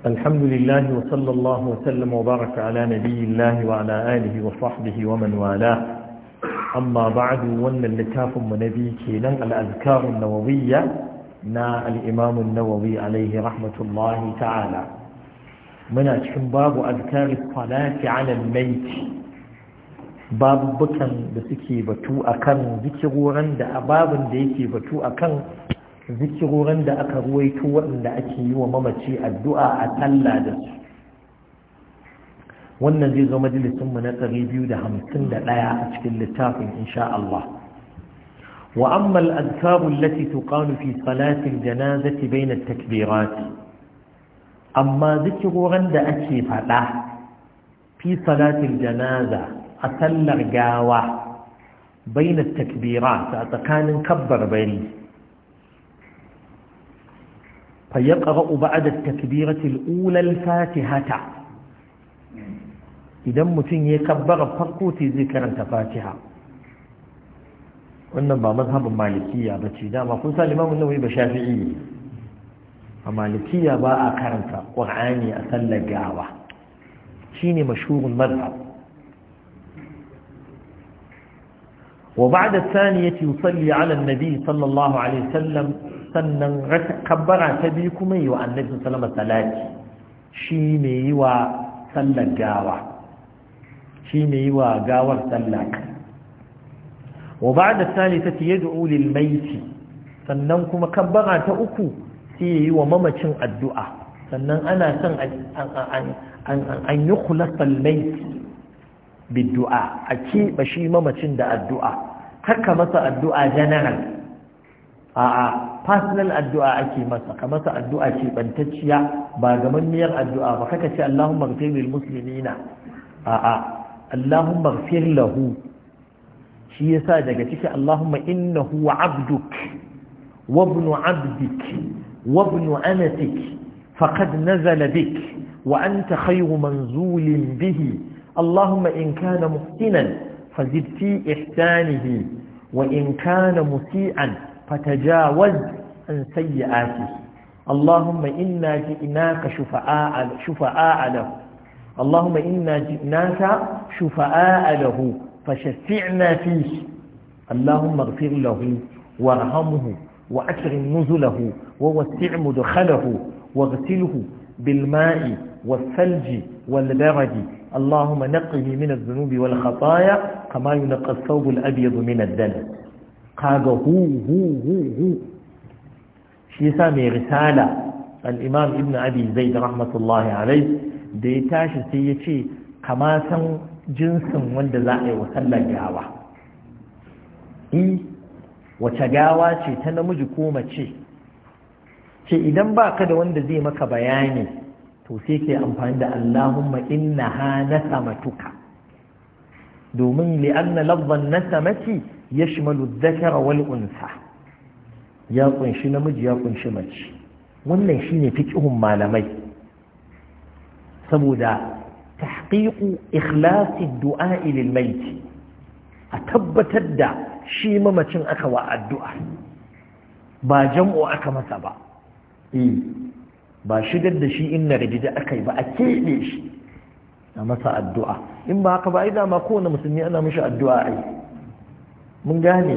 الحمد لله وصلى الله وسلم وبارك على نبي الله وعلى آله وصحبه ومن والاه أما بعد وأن اللتاف منبي كينا الأذكار النووية نا الإمام النووي عليه رحمة الله تعالى من أشكم باب أذكار الصلاة على الميت باب بكن بسكي بتو أكن ذكرورا دا باب ديكي بتو أكن zikirorin da aka ruwaito waɗanda ake yi wa mamaci addu'a a talla da su wannan zai zo majalisunmu na 251 a cikin littafin insha Allah wa amma al'adkaru lati tuƙanu fi salatin janazati bayna takbirati amma zikirorin da ake faɗa fi salatin janaza a sallar gawa bayna takbirati a tsakanin kabbar bari fayyakara'u ba a da takbiratul ulal fatihata idan mutum ya kabbara farko sai zai karanta fatiha wannan ba mazhabin malikiya ba dama kun sa limamun ba shafi'i ne a malikiya ba a karanta ƙwar'ani a sallar gawa shine ne mashurin mazhab wa sani ya ce yi tsalli ala nabi sallallahu alaihi sallam sannan kabbara ta biyu kuma yi wa annabi salama salati shi mai yi wa sallar gawa shi mai yi wa gawar sallar wa ba da sani ta fiye da ulil maiti sannan kuma kabbara ta uku sai yi wa mamacin addu'a sannan ana son an yi kulasar maiti biddu'a a keɓa shi mamacin da addu'a ka masa addu'a janaral a'a personal addu'a ake masa ka masa addu'a ce bantacciya ba gamammiyar addu'a ba kaka ce Allahumma ghfir lil muslimina a'a Allahumma ghfir lahu shi yasa daga ciki Allahumma innahu 'abduk wa ibn 'abdik wa ibn amatik faqad nazala bik wa anta khayru manzulin bihi Allahumma in kana muhsinan fazid ihsanihi wa in kana musi'an fatajawaz an sayyi'ati Allahumma inna ji'naka shufa'a shufa'a lahu Allahumma inna ji'naka shufa'a lahu fashaffi'na fihi Allahumma ighfir lahu warhamhu وأكرم نزله ووسع مدخله واغسله بالماء والثلج والبرد اللهم نقه من الذنوب والخطايا كما ينقى الثوب الأبيض من الدنس kaga hu hu hu hu shi yasa mai risala al-imam ibn abi zaid rahmatullahi alai da ya tashi sai ya ce kama san jinsin wanda za a yi wa sallar gawa E, wace gawa ce ta namiji ko mace ce idan ba ka da wanda zai maka bayani to sai ke amfani da Allahumma inna ha matuka domin li'anna nasa nasamati yashmalu dhakara wal unsa ya kunshi namiji ya kunshi mace wannan shine fiqhun malamai saboda tahqiqu ikhlasi du'a lil a tabbatar da shi mamacin aka wa addu'a ba jam'o aka masa ba eh, ba shigar da shi inna da aka yi ba a keɓe shi a masa addu'a in ba haka ba ai dama kowane musulmi ana mishi addu'a ai mun gane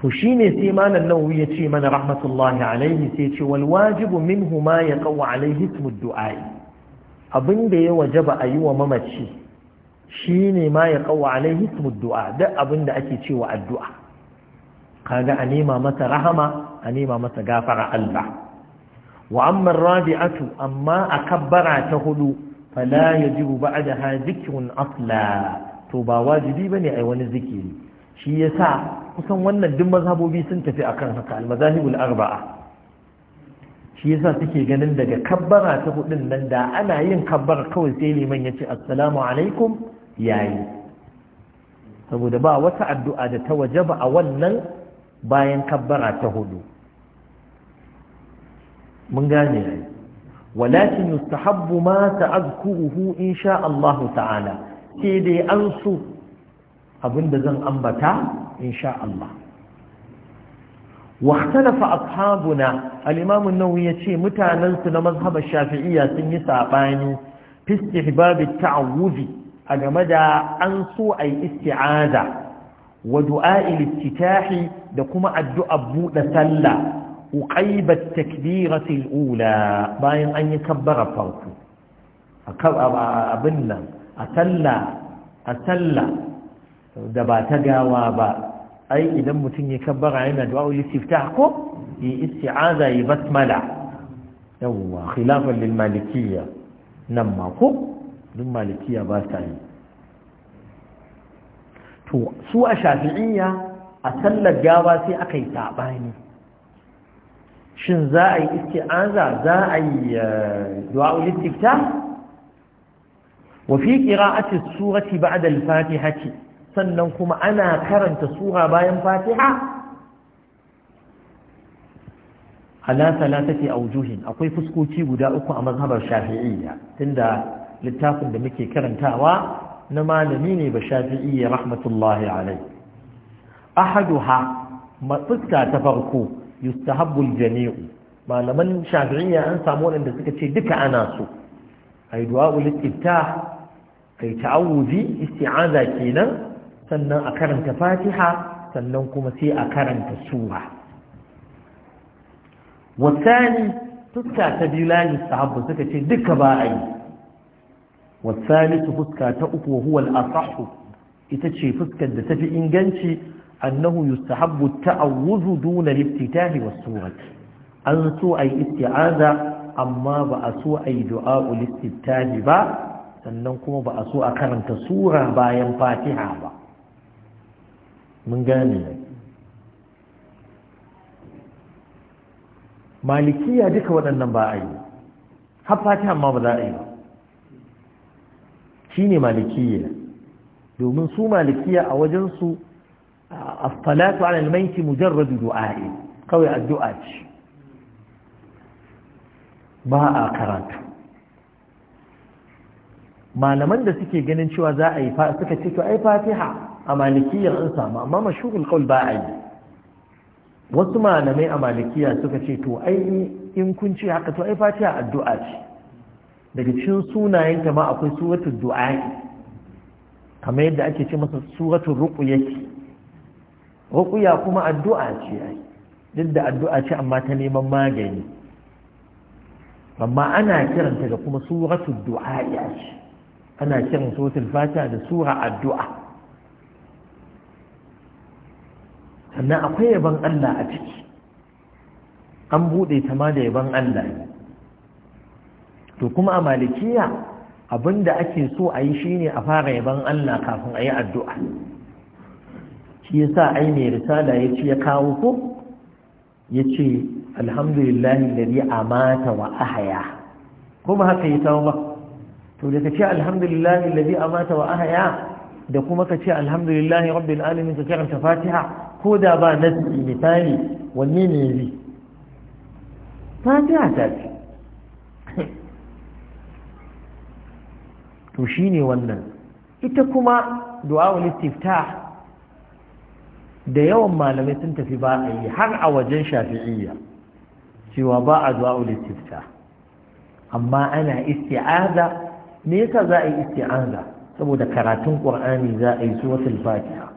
to ne sai malam nawawi ya ce mana rahmatullahi alaihi sai ce wal wajibu minhu ma yaqaw alaihi ismu du'ai abin da ya wajaba a yi wa mamaci shine ma yaqaw alaihi ismu du'a da abin da ake cewa addu'a kaga a nema masa rahama a nema masa gafara Allah wa amma rabi'atu amma kabbara ta hudu fala yajibu ba'daha dhikrun asla to ba wajibi ba ne a wani zikiri shi ya sa kusan wannan duk mazhabobi sun tafi akan haka almazahibul arba'a shi yasa suke ganin daga kabbara ta hudun nan da ana yin kabbara kawai sai liman ya ce assalamu alaikum yayi saboda ba wata addu'a da ta wajaba a wannan bayan kabbara ta hudu mun gane walakin yustahabbu ma ta'azkuruhu insha Allah ta'ala ke da an su abinda zan ambata insha Allah waxtalafa ashabuna al-imamu an-nawawi yace mutanen su na mazhabar shafi'iyya sun yi saɓani, fi istihbab at-ta'awuz a game da an su ai isti'aza wa du'a al da kuma addu'a buɗe sallah uqayba at-takbirah ula bayan an yi kabbara farko akaba abin nan a talla da ba ta gawa ba ai idan mutum ya kabbara yana du'a sifta ko yi isti'aza yi basmala yawwa khilafan lil malikiyya nan ma ko duk malikiya ba sa yi to su a shafi'iyya a sallar gawa sai aka yi sabani shin za a yi isti'aza za a yi eh, du'a sifta? وفي قراءة السورة بعد الفاتحة سننكم أنا كرنت سورة باين فاتحة على ثلاثة fuskoci أقول فسكوتي a أمذهب الشافعية تندى littafin da muke karantawa na malami ne ba shafi'i rahmatullahi alai ha fuska ta farko yustahabbul jami'u malaman shafi'iyya an samu waɗanda suka ce duka ana so ai kai ta'awuzi isti'aza kenan sannan a karanta fatiha sannan kuma sai a karanta sura wasani fuska ta biyu layi suka ce duka ba a yi wasani su fuska ta uku huwal asahu ita ce fuskar da tafi inganci annahu yustahabbu ta'awuzu duna liftitahi was surati an so ayi isti'aza amma ba a so ayi du'a ul ba sannan kuma ba a so a karanta sura bayan fatiha ba mun gane malikiya duka waɗannan ba a yi har fatiha ma ba za a yi ba shi ne malikiya domin su malikiya a wajensu a falatu ala almaiti mujarradu du'a'i kawai addu'a ce ba a karatu malaman da suke ganin cewa za a yi suka ce to ai fatiha a malikiya an samu amma mashhurul qaul ba a yi wasu malamai a malikiya suka ce to ai in kun ce haka to ai fatiha addu'a ce daga cikin sunayenta ma akwai suratul du'a kamar yadda ake ce masa suratul ruqya ruqya kuma addu'a ce ai duk da addu'a ce amma ta neman magani amma ana kiranta da kuma suratul du'a ce ana kiran suratul fatiha da sura addu'a sannan akwai yaban Allah a ciki an buɗe ta ma da yaban Allah to kuma a malikiya abinda ake so a yi shine a fara yaban Allah kafin a yi addu'a shi yasa ai mai risala ya ce ya kawo ko ya ce alhamdulillahi lalli amata wa ahaya kuma haka yi tawo ba to da ka ce alhamdulillah alladhi amata wa ahaya da kuma ka ce alhamdulillah rabbil alamin ka karanta fatiha ko da ba nasi misali wanne ne yabi fatiha ta ce to shine wannan ita kuma du'a wal istiftah da yawan malamai sun tafi ba a yi har a wajen shafi'iyya cewa ba a zuwa ulistifta amma ana isti'aza me yasa za a yi isti'aza saboda karatun qur'ani za a yi suratul fatiha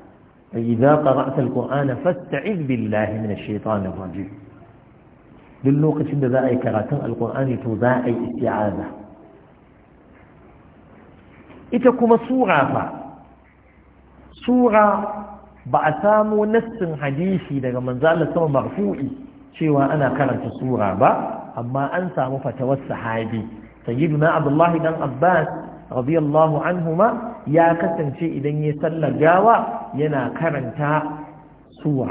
idza qara'ta alqur'ana fasta'iz billahi minash shaitanir rajim duk lokacin da za a yi karatun alqur'ani to za a yi isti'aza ita kuma sura fa sura ba a samu nassin hadisi daga manzo Allah sama marfu'i cewa ana karanta sura ba amma an samu fatawar sahabi sayyiduna abdullahi dan abbas radiyallahu anhuma ya kasance idan ya sallar gawa yana karanta suwa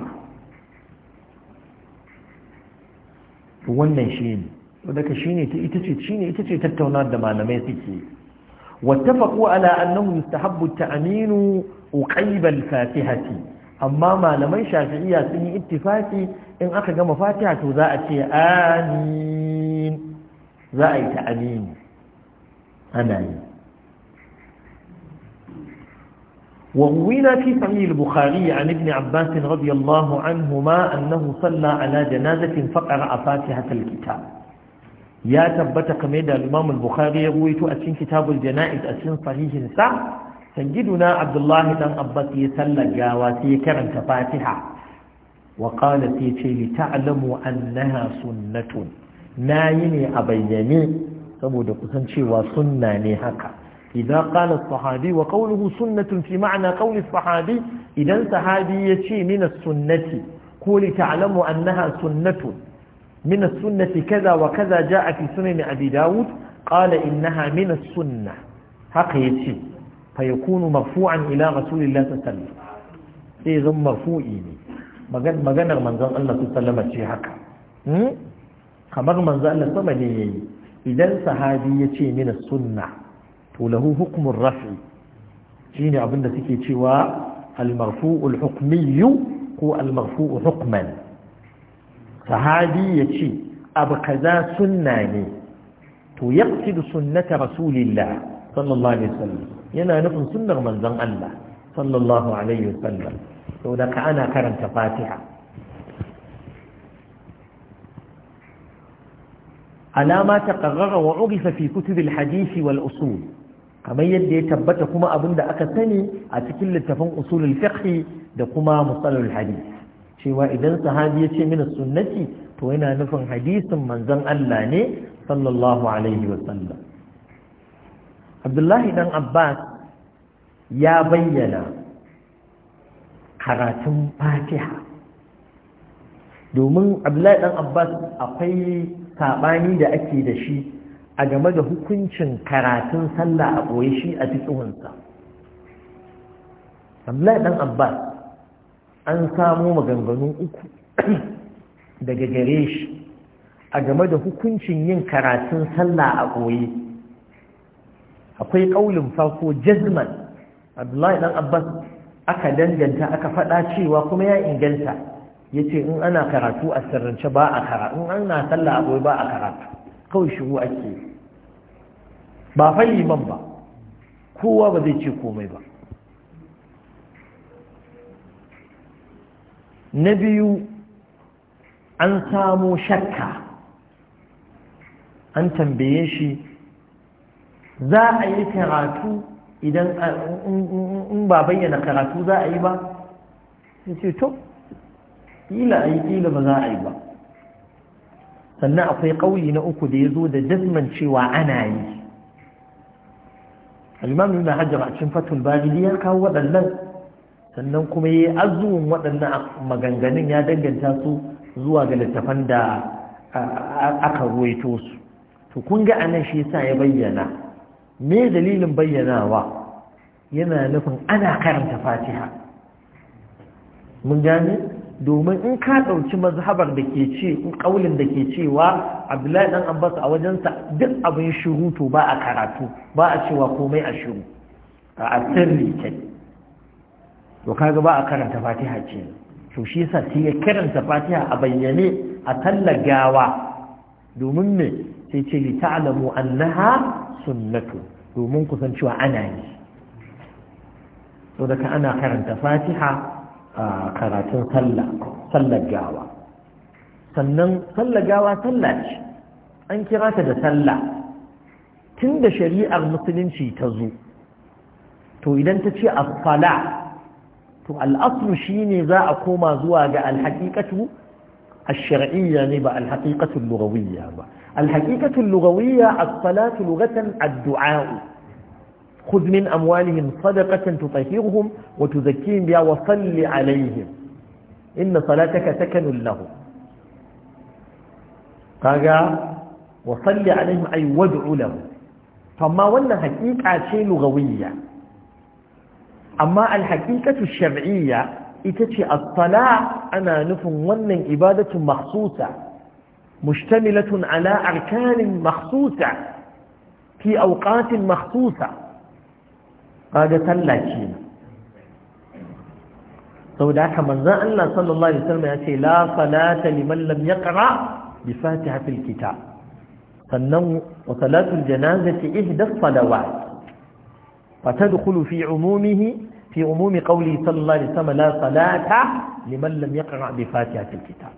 wannan shine daga shine ita ce shine ita ce tattaunawar da malamai suke wattafaqu ala annahu yustahabbu ta'minu uqayb al-fatihati amma malamai shafi'iyya sun yi ittifaki in aka gama fatiha to za a ce amin za a yi ta amini ana yi وروينا في صحيح البخاري عن ابن عباس رضي الله عنهما أنه صلى على جنازة فقرأ فاتحة الكتاب يا تبت كميدا الإمام البخاري رويت أسين كتاب الجنائز أسين صحيح سع سنجدنا عبد الله بن عباس يسلى جاواتي كرم فاتحة وقال في لتعلموا أنها سنة na yi ne a bayyane saboda kusan cewa sunna ne haka idan qala sahabi wa kauluhu sunnatun fi ma'ana qawli sahabi idan sahabi ya ce min sunnati ko li ta'lamu annaha sunnatun min sunnati kaza wa kaza jaa fi sunan abi daud qala innaha min sunnah haka yace fa yakunu marfu'an ila rasulillahi sallallahu alaihi wasallam sai zan marfu'i ne maganar manzon Allah sallallahu alaihi wasallam ce haka hmm? kamar manzo Allah sama ne yayi idan sahabi ya ce mina sunna to lahu hukmun raf'i shine abinda suke cewa al-marfu'ul hukmiyyu ko al-marfu'u hukman sahabi ya ce abu kaza sunna ne to yaqsidu sunnata rasulillah sallallahu alaihi wasallam yana nufin sunnar manzon Allah sallallahu alaihi wasallam to da ka ana karanta Fatiha على ما تقرر وعرف في كتب wal والأصول kamar yadda ya tabbata kuma abin da aka sani a cikin littafin usulul fiqh da kuma musalul hadith cewa idan sahabi ya ce mini sunnati to yana nufin hadisin manzon Allah ne sallallahu alaihi wa sallam Abdullahi dan Abbas ya bayyana karatun Fatiha domin Abdullahi ɗan Abbas akwai saɓani da ake da shi a game da hukuncin karatun sallah a ɓoye shi a fiƙihunsa abdullahi ɗan abbas an samo maganganu uku daga gare shi a game da hukuncin yin karatun sallah a ɓoye akwai ƙaulin farko jazman abdullahi ɗan abbas aka danganta aka faɗa cewa kuma ya inganta ya ce in ana karatu a sirrance ba a karatu in ana sallah abuwa ba a karatu kawai shigo ake ba fa liman ba kowa ba zai ce komai ba na biyu an samu shakka an tambaye shi za a yi karatu idan in ba bayyana karatu za a yi ba ya ce to kila a kila ba za a yi ba sannan akwai ƙauye na uku da ya zo da jazman cewa ana yi al'imamu yana hajjar a cikin fatul bari ya kawo waɗannan sannan kuma ya yi azumin waɗannan maganganun ya danganta su zuwa ga littafan da aka ruwaito su to kun ga anan shi yasa ya bayyana me dalilin bayyanawa yana nufin ana karanta fatiha mun gane domin in ka ɗauki mazhabar da ke ce ƙaulin da ke cewa abdullahi ɗan abbas a wajensa duk abin shiru to ba a karatu ba a cewa komai a shiru a ne ke. to kaga ba a karanta fatiha ce to shi yasa sai ya karanta fatiha a bayyane a tallagawa domin me sai ce li ta'lamu annaha sunnatu domin kusan cewa ana yi to daga ana karanta fatiha a karatun sallah sallar gawa sannan sallar gawa sallah ce an kira ta da sallah tun da shari'ar musulunci ta zo to idan ta ce asfala to al'aslu ne za a koma zuwa ga alhaƙiƙatu الشرعية نبا الحقيقة اللغوية الحقيقة اللغوية الصلاة لغة addu'au خذ من أموالهم صدقة تطهرهم وتزكيهم بها وصل عليهم إن صلاتك سكن لهم قال وصل عليهم أي وادع لهم فما ولا حقيقة شيء لغوية أما الحقيقة الشرعية إتتي الصلاة أنا نفهم ولا إبادة مخصوصة مشتملة على أركان مخصوصة في أوقات مخصوصة kaga sallah ce saboda haka manzon Allah sallallahu alaihi wasallam ya ce la salata liman lam yaqra bi fatihatil kitab sannan wa salatul janazati ihda salawat fi في عمومه في عموم قوله صلى الله عليه وسلم لا صلاة لمن لم يقرأ بفاتحة الكتاب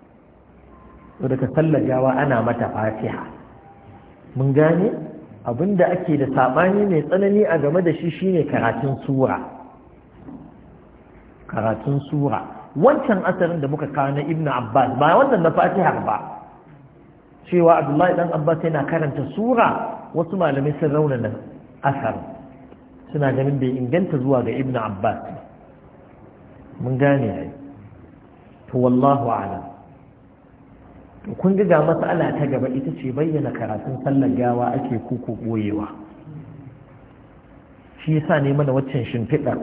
ودك صلى جاوى ana mata fatiha mun gane. da ake da saɓani mai tsanani a game da shi shine karatun sura karatun sura wancan asarin da muka kawo na ibnu abbas ba wannan na fatihar ba cewa abdullahi dan abbas yana karanta sura wasu malamai sun da asar suna ganin bai inganta zuwa ga ibnu abbas mun gane ai to wallahu a'lam kun ga ga matsala ta gaba ita ce bayyana karatun sallar gawa ake kuku boyewa shi yasa ne mana waccan shimfiɗar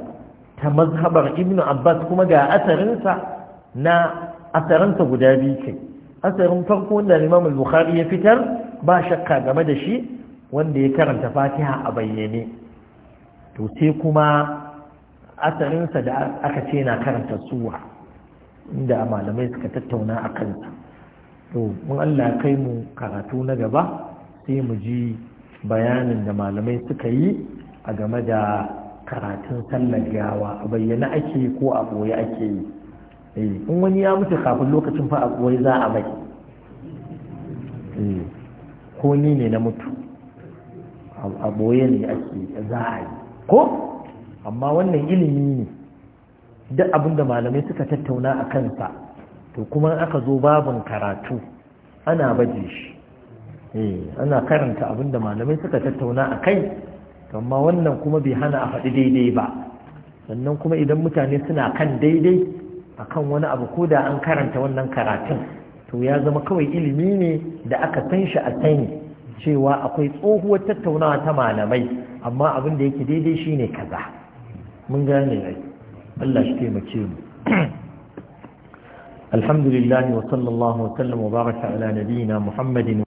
ta mazhabar ibnu abbas kuma ga asarinsa na asarinsa guda biyu ce asarin farko wanda imam bukhari ya fitar ba shakka game da shi wanda ya karanta fatiha a bayyane to sai kuma asarinsa da aka ce na karanta suwa inda malamai suka tattauna a kansa to mun Allah kai mu karatu na gaba sai mu ji bayanin da malamai suka yi a game da karatun sallar gawa a bayyana ake ko a ɓoye ake yi eh, in wani ya mutu kafin lokacin fa a ɓoye za a mai eh, ko ni ne na mutu a ɓoye ne ake za a yi ko amma wannan ilimi ne duk abin da malamai suka tattauna a kansa to kuma aka zo babin karatu ana baje shi eh, ana karanta abinda malamai suka tattauna a kai amma wannan kuma bai hana a faɗi daidai ba sannan kuma idan mutane suna kan daidai a kan wani abu ko da an karanta wannan karatun to ya zama kawai ilimi ne da aka san shi a sani cewa akwai tsohuwar tattaunawa ta malamai amma abin da yake daidai shine kaza mun gane ne Allah shi taimake mu الحمد لله وصلى الله وسلم وبارك على نبينا محمد